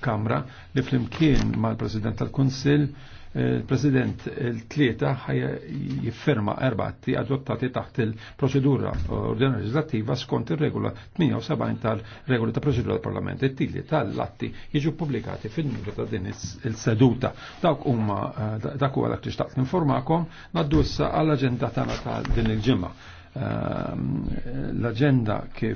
kamra li flimkien mal-President tal-Kunsill il-President eh, il-tlieta ħajja jifferma erbatti adottati taħt il-proċedura ordinarja legislativa skont ir-regola 78 tal-regola ta' proċedura tal-Parlament. It-tili tal-latti jiġu pubblikati fil-minuta ta' din il-seduta. Dawk huma eh, dak huwa dak t xtaqt informakom naddu issa għall-aġenda ta' din il-ġimgħa. Eh, l agenda kif